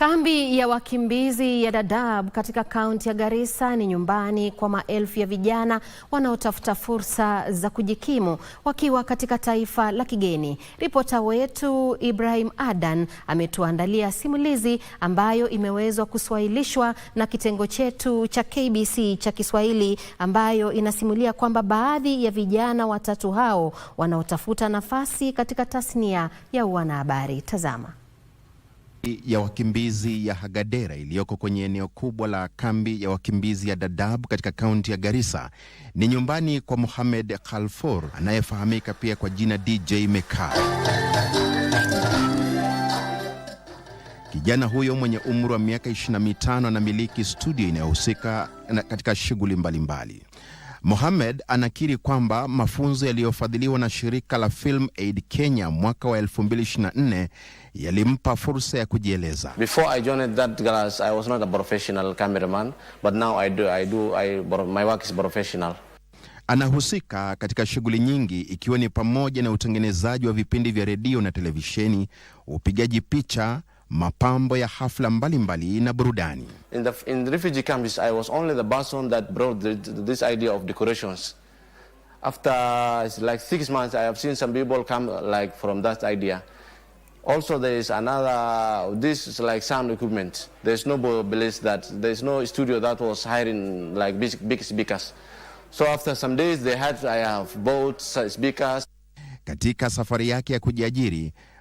Kambi ya wakimbizi ya Dadaab katika kaunti ya Garissa ni nyumbani kwa maelfu ya vijana wanaotafuta fursa za kujikimu wakiwa katika taifa la kigeni. Ripota wetu Ibrahim Adan ametuandalia simulizi ambayo imewezwa kuswahilishwa na kitengo chetu cha KBC cha Kiswahili ambayo inasimulia kwamba baadhi ya vijana watatu hao wanaotafuta nafasi katika tasnia ya wanahabari. Tazama ya wakimbizi ya Hagadera iliyoko kwenye eneo kubwa la kambi ya wakimbizi ya Dadaab katika kaunti ya Garissa ni nyumbani kwa Mohamed Khalfor anayefahamika pia kwa jina DJ Meka. Kijana huyo mwenye umri wa miaka 25 anamiliki studio inayohusika katika shughuli mbalimbali. Mohamed anakiri kwamba mafunzo yaliyofadhiliwa na shirika la Film Aid Kenya mwaka wa 2024 yalimpa fursa ya kujieleza. Before I joined that class, I was not a professional cameraman, but now I do, I do, I, my work is professional. Anahusika katika shughuli nyingi ikiwa ni pamoja na utengenezaji wa vipindi vya redio na televisheni, upigaji picha mapambo ya hafla mbalimbali mbali na burudani. In the, in the refugee camps, I was only the person that brought the, this idea of decorations. After like six months, I have seen some people come like from that idea. Also, there is another, this is like sound equipment. There's no belief that there's no studio that was hiring like big, big speakers. So after some days, they had, I have bought uh, speakers. Katika safari yake ya kujiajiri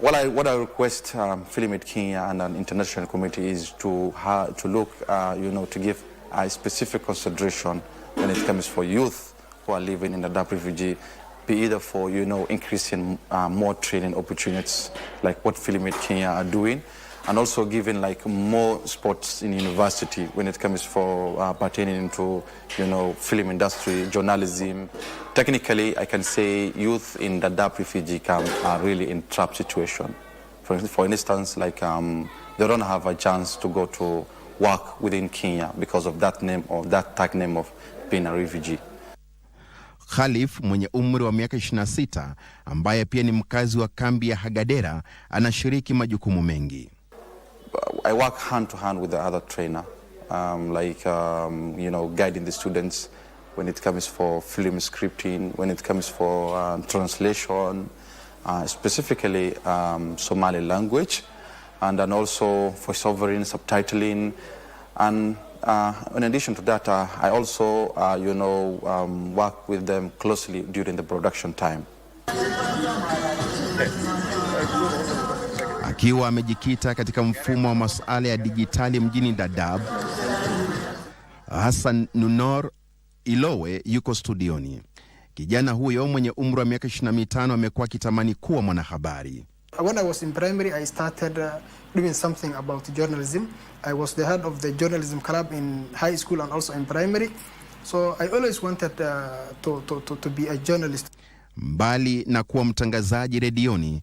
What I, what I request um, Philimit Kenya and an international committee is to, uh, to look, uh, you know, to give a specific consideration when it comes for youth who are living in the DAP refugee, be either for, you know, increasing uh, more training opportunities, like what Philimit Kenya are doing, and also given like more sports in university when it comes for uh, pertaining to you know film industry journalism technically i can say youth in the dap refugee camp are really in trap situation for, for instance like um, they don't have a chance to go to work within kenya because of that name or that tag name of being a refugee Khalif mwenye umri wa miaka 26 ambaye pia ni mkazi wa kambi ya Hagadera anashiriki majukumu mengi. I work hand to hand with the other trainer, um, like um, you know, guiding the students when it comes for film scripting, when it comes for uh, translation, uh, specifically um, Somali language, and then also for sovereign subtitling, and uh, in addition to that, uh, I also uh, you know um, work with them closely during the production time. akiwa amejikita katika mfumo wa masuala ya dijitali mjini Dadaab. Hassan Nunor Ilowe yuko studioni. Kijana huyo mwenye umri wa miaka 25 amekuwa akitamani kuwa mwanahabari. When I was in primary, I started uh, doing something about journalism. I was the head of the journalism club in high school and also in primary. So I always wanted uh, to, to, to, to be a journalist. Mbali na kuwa mtangazaji redioni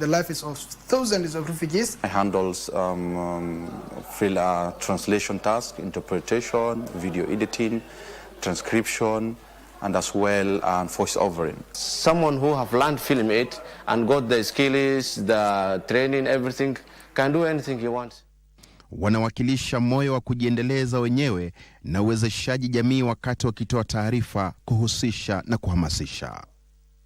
the lives of thousands of refugees. I handle um, um, field, uh, translation tasks, interpretation, video editing, transcription, and as well uh, voice overing. Someone who have learned film it and got the skills, the training, everything can do anything he wants. Wanawakilisha moyo wa kujiendeleza wenyewe na uwezeshaji jamii wakati wakitoa taarifa, kuhusisha na kuhamasisha.